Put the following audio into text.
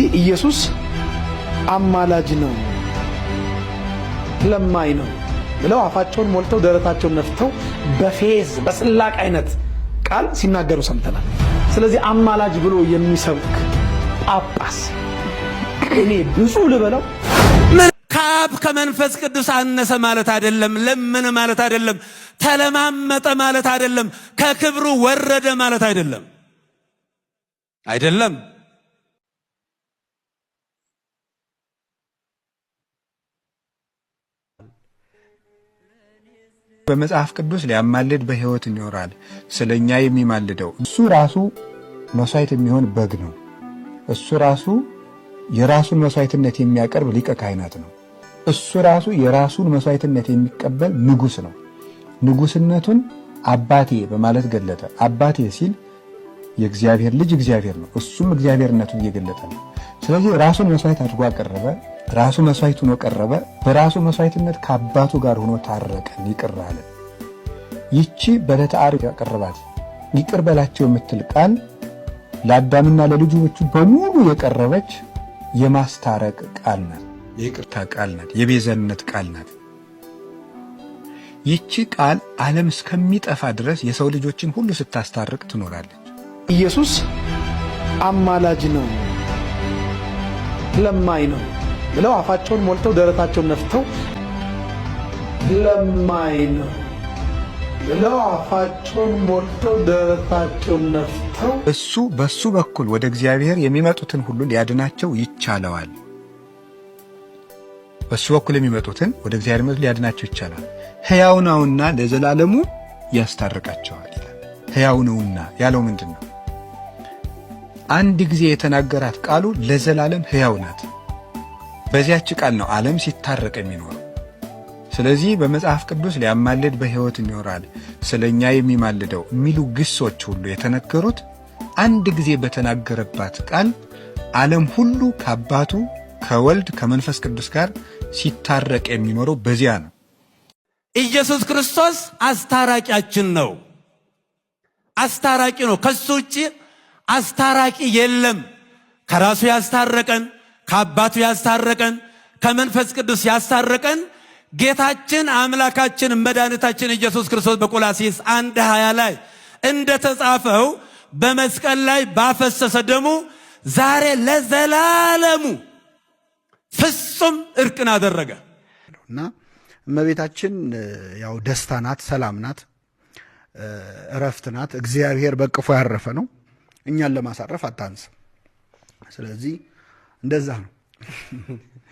ስለዚህ ኢየሱስ አማላጅ ነው፣ ለማኝ ነው ብለው አፋቸውን ሞልተው ደረታቸውን ነፍተው በፌዝ በስላቅ አይነት ቃል ሲናገሩ ሰምተናል። ስለዚህ አማላጅ ብሎ የሚሰብክ ጳጳስ እኔ ብዙ ልበለው? ከአብ ከመንፈስ ቅዱስ አነሰ ማለት አይደለም። ለምን ማለት አይደለም። ተለማመጠ ማለት አይደለም። ከክብሩ ወረደ ማለት አይደለም አይደለም በመጽሐፍ ቅዱስ ሊያማልድ በሕይወት ይኖራል። ስለ እኛ የሚማልደው እሱ ራሱ መሥዋዕት የሚሆን በግ ነው። እሱ ራሱ የራሱን መሥዋዕትነት የሚያቀርብ ሊቀ ካህናት ነው። እሱ ራሱ የራሱን መሥዋዕትነት የሚቀበል ንጉሥ ነው። ንጉሥነቱን አባቴ በማለት ገለጠ። አባቴ ሲል የእግዚአብሔር ልጅ እግዚአብሔር ነው። እሱም እግዚአብሔርነቱን እየገለጠ ነው። ስለዚህ ራሱን መሥዋዕት አድርጎ አቀረበ። ራሱ መስዋዕት ሆኖ ቀረበ። በራሱ መስዋዕትነት ከአባቱ ጋር ሆኖ ታረቀን፣ ይቅር አለ። ይቺ በዕለተ ዓርብ ያቀረባት ይቅር በላቸው የምትል ቃል ለአዳምና ለልጆቹ በሙሉ የቀረበች የማስታረቅ ቃል ናት። የይቅርታ ቃል ናት። የቤዘነት ቃል ናት። ይቺ ቃል ዓለም እስከሚጠፋ ድረስ የሰው ልጆችን ሁሉ ስታስታርቅ ትኖራለች። ኢየሱስ አማላጅ ነው፣ ለማኝ ነው። ብለው አፋቸውን ሞልተው ደረታቸውን ነፍተው ለማይ ነው ብለው አፋቸውን ሞልተው ደረታቸውን ነፍተው እሱ በሱ በኩል ወደ እግዚአብሔር የሚመጡትን ሁሉ ሊያድናቸው ይቻለዋል። በሱ በኩል የሚመጡትን ወደ እግዚአብሔር መጡ ሊያድናቸው ይቻላል። ሕያው ነውና ለዘላለሙ ያስታርቃቸዋል። ሕያው ነውና ያለው ምንድን ነው? አንድ ጊዜ የተናገራት ቃሉ ለዘላለም ሕያው ናት። በዚያች ቃል ነው ዓለም ሲታረቅ የሚኖረው። ስለዚህ በመጽሐፍ ቅዱስ ሊያማልድ በሕይወት ይኖራል፣ ስለ እኛ የሚማልደው የሚሉ ግሶች ሁሉ የተነገሩት አንድ ጊዜ በተናገረባት ቃል ዓለም ሁሉ ከአባቱ ከወልድ ከመንፈስ ቅዱስ ጋር ሲታረቅ የሚኖረው በዚያ ነው። ኢየሱስ ክርስቶስ አስታራቂያችን ነው። አስታራቂ ነው። ከሱ ውጭ አስታራቂ የለም። ከራሱ ያስታረቀን ከአባቱ ያስታረቀን ከመንፈስ ቅዱስ ያስታረቀን ጌታችን አምላካችን መድኃኒታችን ኢየሱስ ክርስቶስ በቆላሲስ አንድ ሀያ ላይ እንደ ተጻፈው በመስቀል ላይ ባፈሰሰ ደሙ ዛሬ ለዘላለሙ ፍጹም እርቅን አደረገ እና እመቤታችን ያው ደስታ ናት፣ ሰላም ናት፣ እረፍት ናት። እግዚአብሔር በቅፎ ያረፈ ነው። እኛን ለማሳረፍ አታንስ። ስለዚህ እንደዛ ነው።